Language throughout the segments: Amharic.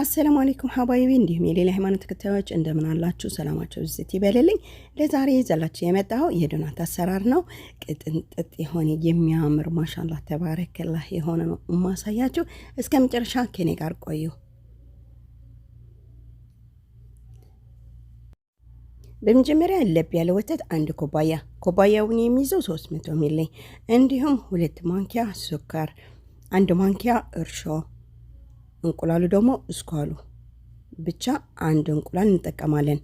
አሰላሙ አለይኩም ሀባይቢ እንዲሁም የሌላ ሃይማኖት ተከታዮች እንደምን አላችሁ? ሰላማችሁ ብዝት ይበልልኝ። ለዛሬ ይዘላችሁ የመጣው የዶናት አሰራር ነው። ቅጥንጥጥ የሆነ የሚያምር ማሻላ ተባረከላህ የሆነ ነው የማሳያችሁ። እስከ መጨረሻ ከኔ ጋር ቆዩ። በመጀመሪያ ለብ ያለ ወተት አንድ ኩባያ፣ ኩባያውን የሚይዘው 300 ሚሊ፣ እንዲሁም ሁለት ማንኪያ ስኳር፣ አንድ ማንኪያ እርሾ እንቁላሉ ደግሞ እስኳሉ ብቻ አንድ እንቁላል እንጠቀማለን።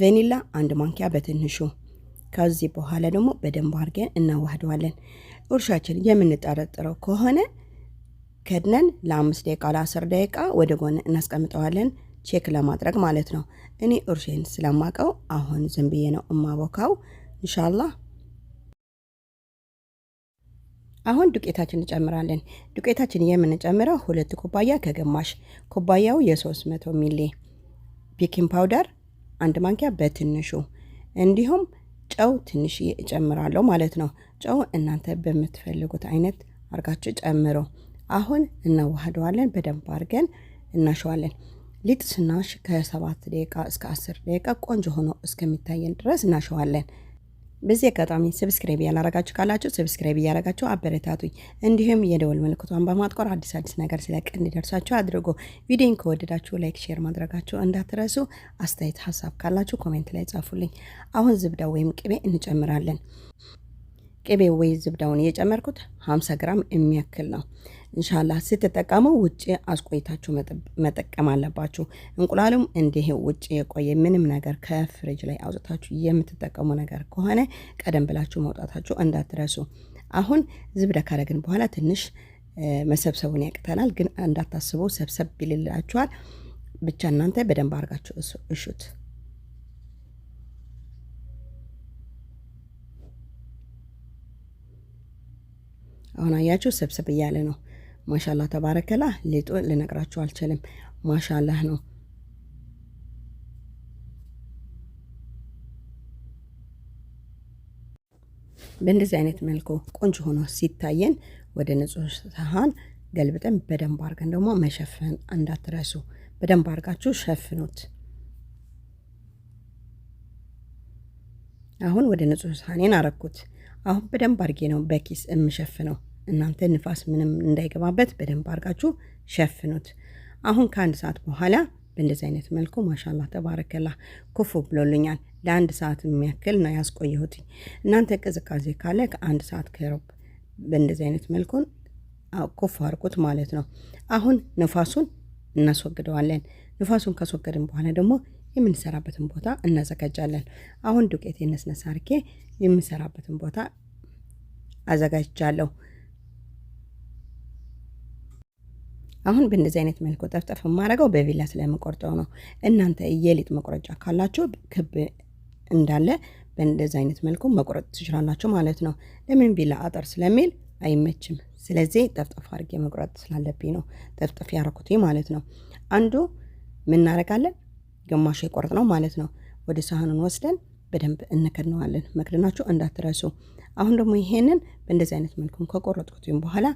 ቬኒላ አንድ ማንኪያ በትንሹ። ከዚህ በኋላ ደግሞ በደንብ አድርገን እናዋህደዋለን። እርሻችን የምንጠረጥረው ከሆነ ከድነን ለአምስት ደቂቃ ለአስር ደቂቃ ወደ ጎን እናስቀምጠዋለን፣ ቼክ ለማድረግ ማለት ነው። እኔ እርሼን ስለማቀው አሁን ዝም ብዬ ነው እማቦካው። እንሻላህ አሁን ዱቄታችን እንጨምራለን። ዱቄታችን የምንጨምረው ሁለት ኩባያ ከግማሽ ኩባያው የ300 ሚሊ ቤኪንግ ፓውደር አንድ ማንኪያ በትንሹ እንዲሁም ጨው ትንሽ እጨምራለሁ ማለት ነው። ጨው እናንተ በምትፈልጉት አይነት አርጋችሁ ጨምሮ አሁን እናዋህደዋለን። በደንብ አርገን እናሸዋለን። ሊጥ ስናሽ ከሰባት ደቂቃ እስከ አስር ደቂቃ ቆንጆ ሆኖ እስከሚታየን ድረስ እናሸዋለን። በዚህ አጋጣሚ ሰብስክራይብ ያላረጋችሁ ካላችሁ ሰብስክራይብ እያረጋችሁ አበረታቱኝ። እንዲሁም የደወል ምልክቷን በማጥቆር አዲስ አዲስ ነገር ሲለቅ እንዲደርሳችሁ አድርጎ ቪዲዮን ከወደዳችሁ ላይክ፣ ሼር ማድረጋችሁ እንዳትረሱ። አስተያየት ሀሳብ ካላችሁ ኮሜንት ላይ ጻፉልኝ። አሁን ዝብዳ ወይም ቅቤ እንጨምራለን። ቅቤ ወይ ዝብዳውን እየጨመርኩት 50 ግራም የሚያክል ነው። እንሻላ ስትጠቀሙ ውጭ አስቆይታችሁ መጠቀም አለባችሁ። እንቁላሉም እንዲህ ውጭ የቆየ ምንም ነገር ከፍሪጅ ላይ አውጥታችሁ የምትጠቀሙ ነገር ከሆነ ቀደም ብላችሁ መውጣታችሁ እንዳትረሱ። አሁን ዝብደ ካረግን በኋላ ትንሽ መሰብሰቡን ያቅተናል፣ ግን እንዳታስቡ ሰብሰብ ይልላችኋል። ብቻ እናንተ በደንብ አድርጋችሁ እሹት። አሁን አያችሁ ሰብሰብ እያለ ነው። ማሻላ ተባረከላ ሌጦ ልነግራችሁ አልችልም። ማሻላህ ነው። በእንደዚህ አይነት መልኩ ቆንጆ ሆኖ ሲታየን ወደ ንጹህ ሳህን ገልብጠን በደንብ አርገን ደግሞ መሸፈን እንዳትረሱ። በደንብ አርጋችሁ ሸፍኑት። አሁን ወደ ንጹህ ሳህኔን አረኩት። አሁን በደንብ አርጌ ነው በኪስ የምሸፍነው። እናንተ ንፋስ ምንም እንዳይገባበት በደንብ አድርጋችሁ ሸፍኑት። አሁን ከአንድ ሰዓት በኋላ በእንደዚህ አይነት መልኩ ማሻላ ተባረከላ ኩፉ ብሎልኛል። ለአንድ ሰዓት የሚያክል ነው ያስቆየሁት። እናንተ ቅዝቃዜ ካለ ከአንድ ሰዓት ከሮብ በእንደዚህ አይነት መልኩን ኩፍ አርቁት ማለት ነው። አሁን ንፋሱን እናስወግደዋለን። ንፋሱን ካስወገድን በኋላ ደግሞ የምንሰራበትን ቦታ እናዘጋጃለን። አሁን ዱቄት የነስነሳርኬ የምንሰራበትን ቦታ አዘጋጃለሁ። አሁን በእንደዚህ አይነት መልኩ ጠፍጠፍ የማደርገው በቢላ ስለምቆርጠው ነው። እናንተ የሊጥ መቁረጫ ካላችሁ ክብ እንዳለ በእንደዚህ አይነት መልኩ መቁረጥ ትችላላችሁ ማለት ነው። ለምን ቢላ አጠር ስለሚል አይመችም። ስለዚህ ጠፍጠፍ አድርጌ መቁረጥ ስላለብኝ ነው ጠፍጠፍ ያረኩት ማለት ነው። አንዱ ምናደርጋለን ግማሽ የቆርጥ ነው ማለት ነው። ወደ ሳህኑን ወስደን በደንብ እንከድነዋለን። መክደናችሁ እንዳትረሱ። አሁን ደግሞ ይሄንን በእንደዚህ አይነት መልኩም ከቆረጥኩትም በኋላ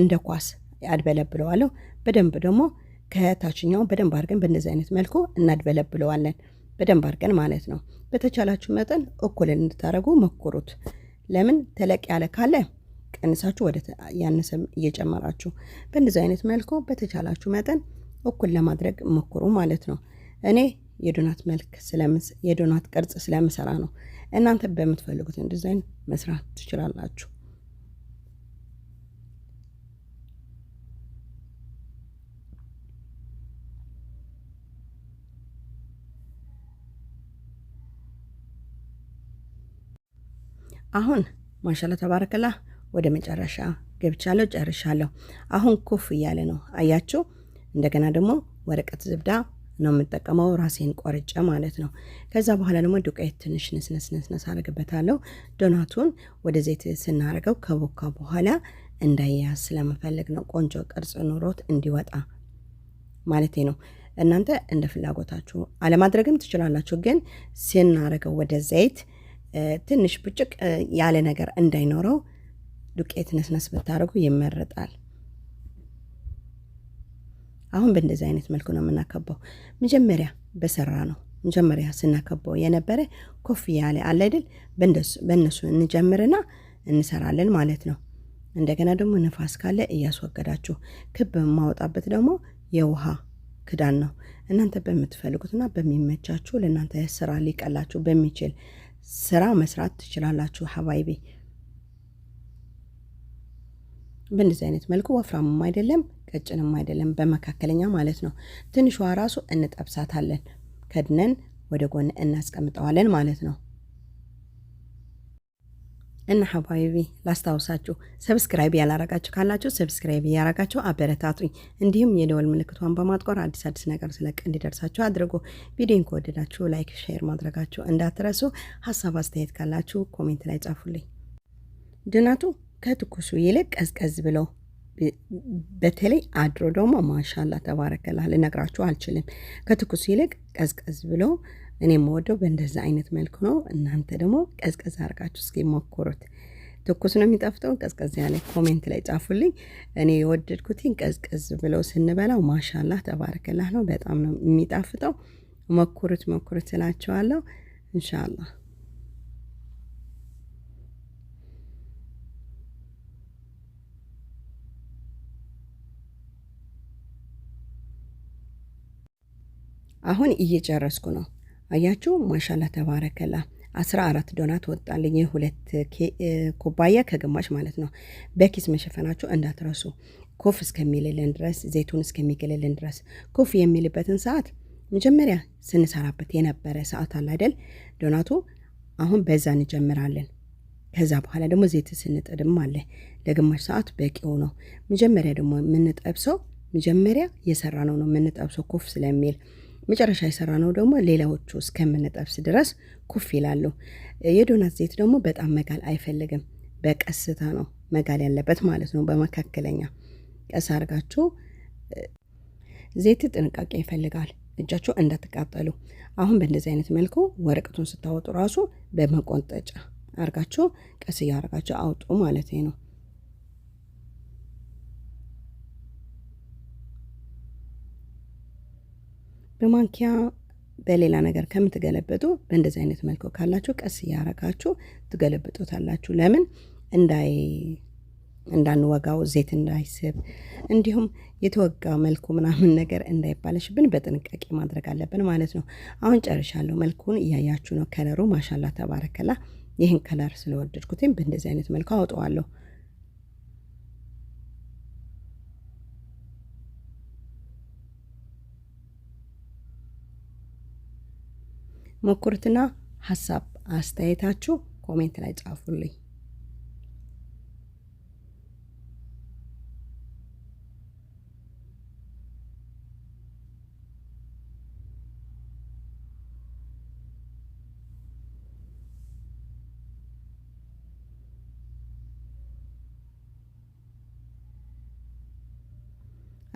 እንደ ኳስ አድበለብለዋለሁ። በደንብ ደግሞ ከታችኛው በደንብ አድርገን በእንደዚህ አይነት መልኩ እናድበለብለዋለን። በደንብ አድርገን ማለት ነው። በተቻላችሁ መጠን እኩል እንድታደርጉ ሞክሩት። ለምን ተለቅ ያለ ካለ ቀንሳችሁ ወደ ያነሰም እየጨመራችሁ በእንደዚህ አይነት መልኩ በተቻላችሁ መጠን እኩል ለማድረግ ሞክሩ ማለት ነው። እኔ የዶናት መልክ የዶናት ቅርጽ ስለምሰራ ነው። እናንተ በምትፈልጉት ዲዛይን መስራት ትችላላችሁ። አሁን ማሻላ ተባረከላ ወደ መጨረሻ ገብቻለሁ፣ ጨርሻለሁ። አሁን ኩፍ እያለ ነው አያችሁ። እንደገና ደግሞ ወረቀት ዝብዳ ነው የምጠቀመው ራሴን ቆርጬ ማለት ነው። ከዛ በኋላ ደግሞ ዱቄት ትንሽ ንስነስነስነስ አደርግበታለሁ። ዶናቱን ወደ ዘይት ስናደርገው ከቦካ በኋላ እንዳያያዝ ስለምፈልግ ነው፣ ቆንጆ ቅርጽ ኑሮት እንዲወጣ ማለት ነው። እናንተ እንደ ፍላጎታችሁ አለማድረግም ትችላላችሁ፣ ግን ስናደርገው ወደ ዘይት ትንሽ ብጭቅ ያለ ነገር እንዳይኖረው ዱቄት ነስነስ ብታደርጉ ይመረጣል። አሁን በእንደዚህ አይነት መልኩ ነው የምናከባው። መጀመሪያ በሰራ ነው መጀመሪያ ስናከባው የነበረ ኮፍ ያለ አለ አይደል? በእነሱ እንጀምርና እንሰራለን ማለት ነው። እንደገና ደግሞ ነፋስ ካለ እያስወገዳችሁ ክብ የማወጣበት ደግሞ የውሃ ክዳን ነው። እናንተ በምትፈልጉትና በሚመቻችሁ ለእናንተ ስራ ሊቀላችሁ በሚችል ስራ መስራት ትችላላችሁ። ሀባይቤ በእንደዚህ አይነት መልኩ ወፍራምም አይደለም ቀጭንም አይደለም፣ በመካከለኛ ማለት ነው። ትንሿ ራሱ እንጠብሳታለን ከድነን ወደ ጎን እናስቀምጠዋለን ማለት ነው። እና ሀባይቢ ላስታውሳችሁ ሰብስክራይብ ያላረጋችሁ ካላችሁ ሰብስክራይብ እያረጋችሁ አበረታቱኝ። እንዲሁም የደወል ምልክቷን በማጥቆር አዲስ አዲስ ነገር ስለቅ እንዲደርሳችሁ አድርጎ ቪዲዮን ከወደዳችሁ ላይክ፣ ሼር ማድረጋችሁ እንዳትረሱ። ሀሳብ አስተያየት ካላችሁ ኮሜንት ላይ ጻፉልኝ። ድናቱ ከትኩሱ ይልቅ ቀዝቀዝ ብለው በተለይ አድሮ ደግሞ ማሻላ ተባረከላህ ልነግራችሁ አልችልም። ከትኩሱ ይልቅ ቀዝቀዝ ብለው እኔ የምወደው በእንደዛ አይነት መልኩ ነው። እናንተ ደግሞ ቀዝቀዝ አርጋችሁ እስኪ ሞክሩት። ትኩስ ነው የሚጣፍጠው። ቀዝቀዝ ያለ ኮሜንት ላይ ጻፉልኝ። እኔ የወደድኩትን ቀዝቀዝ ብለው ስንበላው ማሻላህ ተባረከላህ ነው። በጣም ነው የሚጣፍጠው። ሞክሩት ሞክሩት እላችኋለሁ። እንሻላ አሁን እየጨረስኩ ነው። አያችሁ ማሻላ ተባረከላ አስራ አራት ዶናት ወጣልኝ። ሁለት ኩባያ ከግማሽ ማለት ነው። በኪስ መሸፈናችሁ እንዳትረሱ። ኮፍ እስከሚልልን ድረስ ዘይቱን እስከሚግልልን ድረስ ኮፍ የሚልበትን ሰዓት መጀመሪያ ስንሰራበት የነበረ ሰዓት አለ አይደል? ዶናቱ አሁን በዛ እንጀምራለን። ከዛ በኋላ ደግሞ ዘይት ስንጥድም አለ ለግማሽ ሰዓት በቂው ነው። መጀመሪያ ደግሞ የምንጠብሰው መጀመሪያ የሰራ ነው ነው የምንጠብሰው ኮፍ ስለሚል መጨረሻ የሰራ ነው ደግሞ ሌላዎቹ እስከምንጠብስ ድረስ ኩፍ ይላሉ። የዶናት ዘይት ደግሞ በጣም መጋል አይፈልግም። በቀስታ ነው መጋል ያለበት ማለት ነው። በመካከለኛ ቀስ አድርጋችሁ ዘይት ጥንቃቄ ይፈልጋል። እጃችሁ እንዳትቃጠሉ። አሁን በእንደዚህ አይነት መልኩ ወረቀቱን ስታወጡ ራሱ በመቆንጠጫ አርጋችሁ ቀስ እያደረጋችሁ አውጡ ማለት ነው። በማንኪያ በሌላ ነገር ከምትገለበጡ በእንደዚህ አይነት መልኩ ካላችሁ ቀስ እያረጋችሁ ትገለብጡታላችሁ። ለምን እንዳይ እንዳንወጋው ዘይት እንዳይስብ እንዲሁም የተወጋ መልኩ ምናምን ነገር እንዳይባለሽብን በጥንቃቄ ማድረግ አለብን ማለት ነው። አሁን ጨርሻለሁ። መልኩን እያያችሁ ነው። ከለሩ ማሻላ ተባረከላ። ይህን ከለር ስለወደድኩትም በእንደዚህ አይነት መልኩ አውጠዋለሁ። ሞክሩትና ሀሳብ አስተያየታችሁ ኮሜንት ላይ ጻፉልኝ።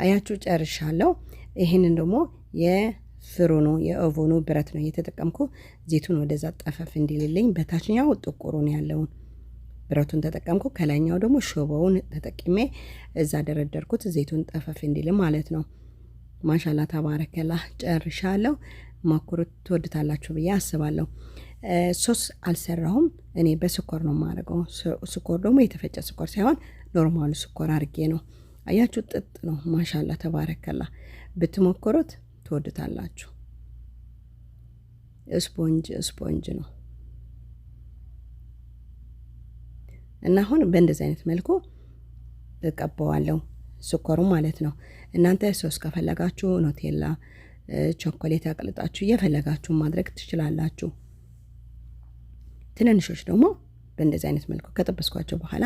አያችሁ ጨርሻለሁ። ይህንን ደግሞ ፍሩ ነው የኦቨኑ ብረት ነው እየተጠቀምኩ ዜቱን ወደዛ ጠፈፍ እንዲልልኝ በታችኛው ጥቁሩን ያለውን ብረቱን ተጠቀምኩ። ከላይኛው ደግሞ ሾበውን ተጠቅሜ እዛ ደረደርኩት ዜቱን ጠፈፍ እንዲል ማለት ነው። ማሻላ ተባረከላ ጨርሻለሁ። ሞክሩት ትወድታላችሁ ብዬ አስባለሁ። ሶስ አልሰራሁም እኔ በስኮር ነው የማደርገው። ስኮር ደግሞ የተፈጨ ስኮር ሳይሆን ኖርማሉ ስኮር አድርጌ ነው። አያችሁ ጥጥ ነው። ማሻላ ተባረከላ ብትሞክሩት ትወዱታላችሁ። ስፖንጅ ስፖንጅ ነው እና አሁን በእንደዚህ አይነት መልኩ እቀባዋለሁ ስኳሩ ማለት ነው። እናንተ ሶስ ከፈለጋችሁ ኖቴላ፣ ቾኮሌት አቅልጣችሁ እየፈለጋችሁ ማድረግ ትችላላችሁ። ትንንሾች ደግሞ በእንደዚህ አይነት መልኩ ከጠበስኳቸው በኋላ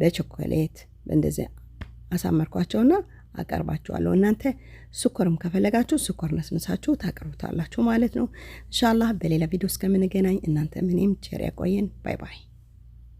በቾኮሌት በእንደዚህ አሳመርኳቸውና አቀርባችኋለሁ። እናንተ ስኳርም ከፈለጋችሁ ስኳር ነስንሳችሁ ታቀርቡታላችሁ ማለት ነው። እንሻላ በሌላ ቪዲዮ እስከምንገናኝ እናንተ ምንም ቸር ያቆየን። ባይ ባይ።